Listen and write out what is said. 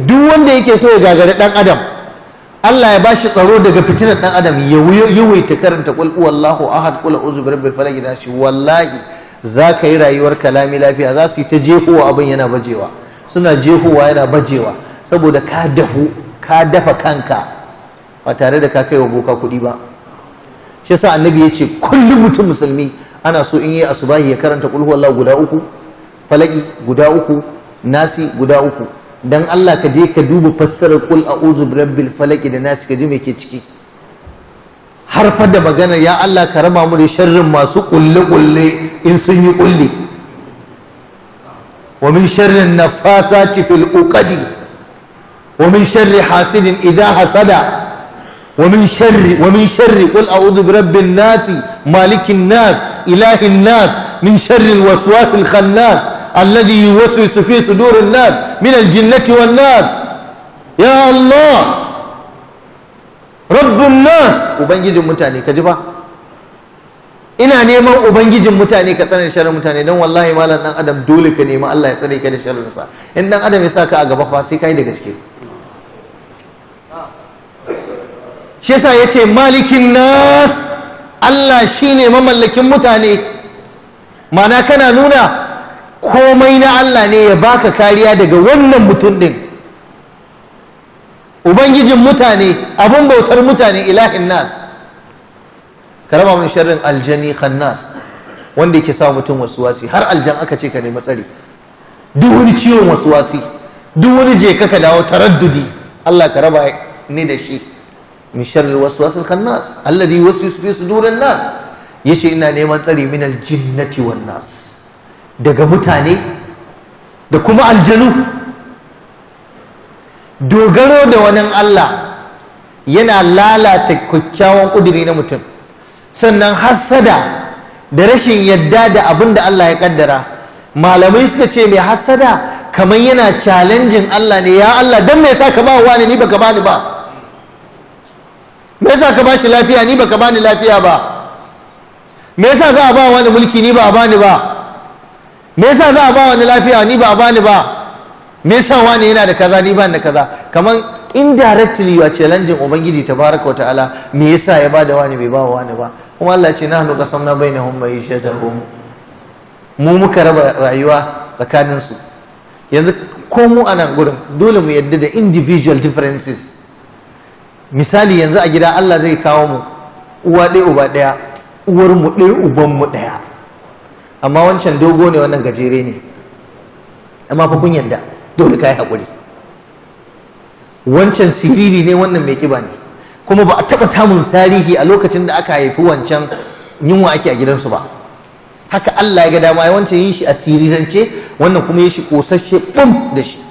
duk wanda yake so ya gagari dan adam Allah ya bashi tsaro daga fitinar dan adam ya yawaita karanta qul huwallahu ahad qul a'udhu rabbil falaq da shi wallahi za ka yi rayuwar kalami lafiya za su yi ta jehuwa abin yana bajewa suna jehowa yana bajewa saboda ka dafu ka dafa kanka ba tare da ka kaiwa wa boka kuɗi ba shi yasa annabi ya ce kullum mutum musulmi ana so in yi asubahi ya karanta qul huwallahu guda uku falaki guda uku nasi guda uku dan Allah ka je ka duba fassarar qul a'udhu birabbil falaq da nasu ka ji me ke ciki har fa da magana ya Allah ka raba mu da sharrin masu kulle kulle in sun yi kulle wa min sharri nafathati fil uqadi wa min sharri hasidin idha hasada wa min sharri wa min sharri qul a'udhu birabbin nas malikin nas ilahin nas min sharri alwaswasil khannas الذي يوسوس في nas الناس من الجنة nas Ya Allah رب nas ubangijin mutane ka ji fa ina neman ubangijin mutane ka tsare sharar mutane don wallahi malam dan adam dole ka nemi Allah ya tsare ka da sharar sa in dan adam ya saka a gaba fa sai kai da gaske shi yasa yace malikin nas Allah shine mamallakin mutane mana kana nuna komai na Allah ne ya baka kariya daga wannan mutum din ubangijin mutane abin bautar mutane ilahin nas karama min sharrin aljani khannas wanda yake sa mutum wasuwasi har aljan aka ce ka nemi tsari duk wani ciwon wasuwasi duk wani je ka dawo taraddudi Allah ka raba ni da shi min sharri waswasil khannas alladhi yuwaswisu fi sudurin nas yace ina neman tsari min aljinnati wan nas daga mutane da kuma aljanu dogaro da wani Allah yana lalata kyakkyawan ƙuduri na mutum sannan hassada da rashin yadda da abin da Allah ya kaddara malamai suka ce mai hassada kamar yana challenging Allah ne ya Allah don me sa ka ba wani ni baka bani ba me sa ka ba shi lafiya ni baka bani lafiya ba me sa za a ba wani mulki ni ba bani ba me yasa za a ba wani lafiya ni ba a bani ba me yasa wani yana da kaza ni ba da kaza kaman indirectly wa challenging ubangiji tabaraka wa ta'ala me yasa ya ba da wani bai ba wani ba kuma Allah ce nahnu qasamna bainahum ma'ishatahum mu muka raba rayuwa tsakanin su yanzu ko mu a gurin dole mu yadda da individual differences misali yanzu a gida Allah zai kawo mu uwa ɗaya uba ɗaya uwar mu ɗaya uban mu ɗaya amma wancan dogo ne wannan gajere ne amma fa kun yarda dole kai hakuri wancan siriri ne wannan mai kiba ne kuma ba a taɓa tamun tarihi a lokacin da aka haifi wancan yunwa ake a gidansu ba haka Allah ya ga dama ya wancan yin shi a sirirance wannan kuma yin shi ƙosashe ɓum da shi